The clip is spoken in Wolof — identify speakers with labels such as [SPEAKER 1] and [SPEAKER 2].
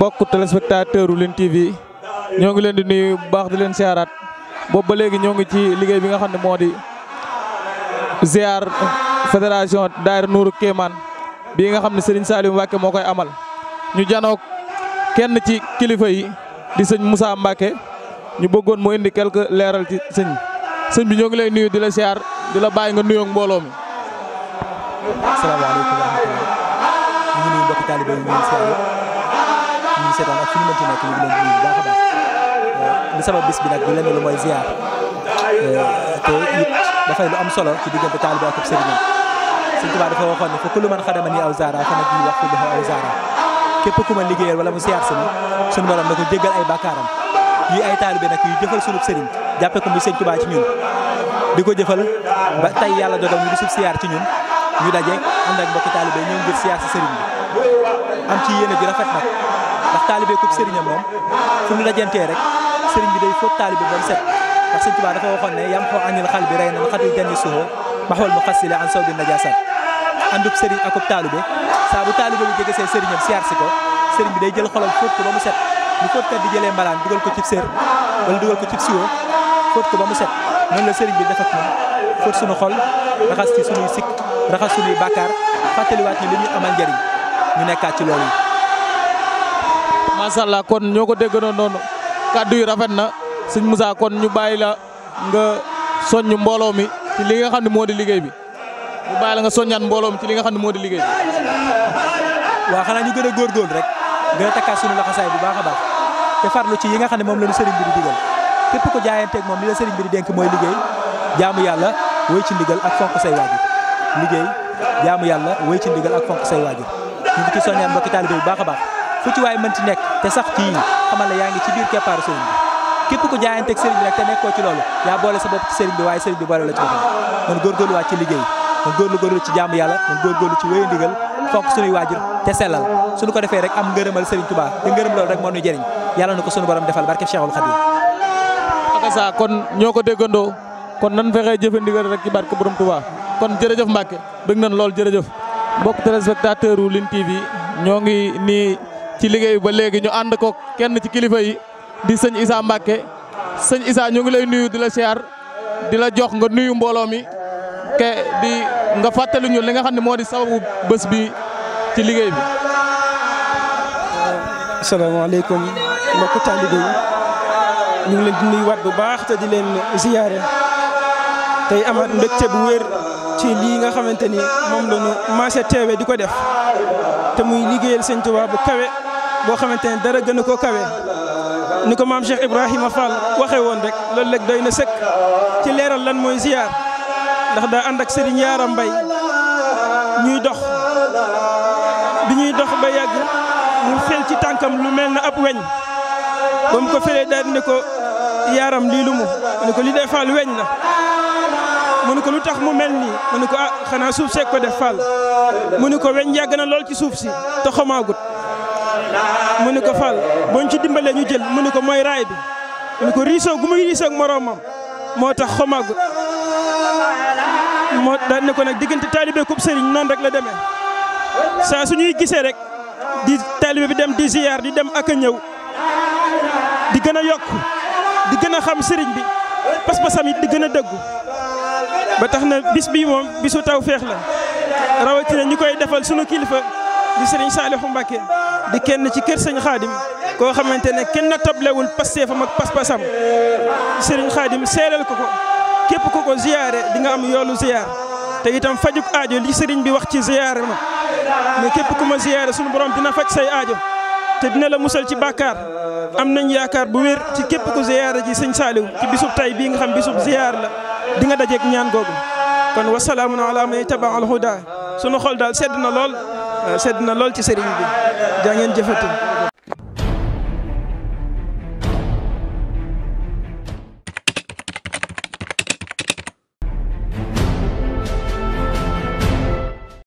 [SPEAKER 1] mbokk téléspectateur u Lune TV ñoo ngi leen di nuyu bu baax di leen siyaaraat boobu ba léegi ñoo ngi ci liggéey bi nga xam ne moo di ziar fédération Daayira Nuuru Kéemaan bii nga xam ne sëriñ Saliou Mbacke moo koy amal ñu janook kenn ci kilifa yi di sëñ Moussa Mbacke ñu bëggoon mu indi quelque leeral ci sëñ sëñ bi ñoo ngi lay nuyu di la siyaar di la bàyyi nga nuyoog mbooloo mi.
[SPEAKER 2] ñuy seetaan ak fi ñu mënti euh, sama bis bi nag du lenn lu mooy ziar euh, te it dafay lu am solo ci diggante taalibe ak sëriñ Sëriñ Tuubaa dafa waxoon ne fa kullu man xadama nii aw zaara fa nag ñuy wax ku dafa aw zaara képp ku ma liggéeyal wala mu siyaar si ma suñu na ko jéggal ay bàkkaaram yi ay taalibe nag yu jëfal sunub sëriñ jàppe ko mu Sëriñ Tuubaa ci ñun di ko jëfal ba tey yàlla dogal ñu di sub siyaar ci ñun ñu daje ànd ak mbokki taalibe ñëw ngir siyaar si sëriñ bi am ci yéene ndax taalibe ko sëriñam moom fu ñu rek sëriñ bi day fóot taalibe ba mu set ndax sëriñ Tuubaa dafa waxoon ne yam xoo anil xal bi rey na xatul janni suho maxwal mu xasile an saw bi najasat àndub sëriñ akub taalibe saa bu taalibe bu jege see sëriñam siyaar si ko sëriñ bi day jël xolam fóot ko ba mu set ñu fóot kat di jëlee mbalaan dugal ko cib séer wala dugal ko ba mu set noonu la sëriñ bi def ak fóot suñu xol raxas ci suñuy sikk raxas suñuy bàkkaar fàttaliwaat ñu li ñu amal
[SPEAKER 1] macha allah kon ñoo ko déggandoo noonu kàddu yi rafet na sëñ Moussa kon ñu bàyyi la nga soññ mbooloo mi ci li nga xam ne moo di liggéey bi ñu bàyyi la nga soññaat mbooloo ci li nga xam ne moo di liggéey bi. xanaa ñu gën a góorgóorlu rek
[SPEAKER 2] gën a takkaat sunu laxasaay bu baax a baax te farlu ci yi nga xam ne moom la ñu sëriñ bi di digal képp ko jaayanteeg moom li la sëriñ bi di mooy liggéey jaamu yàlla woy ci ndigal ak fonk say waajur liggéey jaamu yàlla woy ci ndigal ak fonk say waajur ñu ngi ci soññaan mbokki taalibe bu baax a fu ci waay mënti nekk te sax ci yi xamal la yaa ngi ci biir keppaaru sëriñ bi képp ku jaayanteeg sëriñ bi rek te nekkoo ci loolu yaa boole sa bopp ci sëriñ bi waaye sëriñ bi boole la ci boppam kon góorgóorluwaat ci liggéey kon góorgóorlu ci jaamu yàlla kon góorgóorlu ci wéy ndigal fonk suñuy waajur te sellal suñu ko defee rek am
[SPEAKER 1] ngërëmal sëriñ Tuubaa te ngërëm loolu rek moo ñu yàlla na ko suñu borom defal barke borom Tuubaa kon ci liggéey ba léegi ñu ànd ko kenn ci kilifa yi di sëñ Issa Mbacke sëñ Issa ñu ngi lay nuyu di la siyaar di la jox nga nuyu mbooloo mi ke di nga fàttali ñu li nga xam ne moo di sababu bés bi ci liggéey bi. asalaamaaleykum mbokk
[SPEAKER 3] taalibe yi ñu ngi leen di nuyuwaat bu baax te di leen ziyaare tey amaat mbégte bu wér ci lii nga xamante ni moom la ñu maase teewe di ko def te muy liggéeyal sëñ Tuubaa kawe. boo xamante ne dara gën a koo kawe ni ko maam Cheikh Ibrahima Fall waxee woon rek loolu léegi doy na sëkk ci leeral lan mooy ziar ndax daa ànd ak Serigne Yaara Mbay ñuy dox bi ñuy dox ba yàgg mu fel ci tànkam lu mel na ab weñ ba mu ko felee daal ni ko yaaram lii lu mu ni ko li dee Fall weñ la mu ni ko lu tax mu mel nii mu ni ko ah xanaa suuf seeg ko def Fall mu ni ko weñ yàgg na lool ci suuf si te xomaagut mu ne ko fal boo ñu ci dimbalee ñu jël mu ne ko mooy raay bi mu ko riisoo gu muy riisoo ak moroomam moo tax xomaagut moo daan ne ko nag diggante taalibe kub sëriñ noonu rek la demee saa su ñuy gisee rek di taalibe bi dem di ziyaar di dem ak a ñëw di gën a yokk di gën a xam sëriñ bi pas-pasam it di gën a dëggu ba tax na bis bii moom bisu taw feex la rawatina ñu koy defal sunu kilifa di sëriñ Saalihu Mbàkke di kenn ci kër sëñ xaadim koo xamante ne kenn passé fam ak pass passam sëriñ khadim selal ko ko kep ko ko ziaré di nga am yoolu ziar te itam fajuk aajo li sëriñ bi wax ci ziar ma ne kep ko ma ziyaare sunu borom dina faj say aajo te dina la musal ci bàkkaar am nañ yaakar bu wér ci kep ko ziyaare ci sëñ saaliw ci bisub tay bi nga xam bisub ziar la di nga dajeeg ñaan gogum kon wa salamun ala man tabi'a al huda sunu xol dal sedna lol sedd na lool ci sëriñ bi jaa ngeen jëfati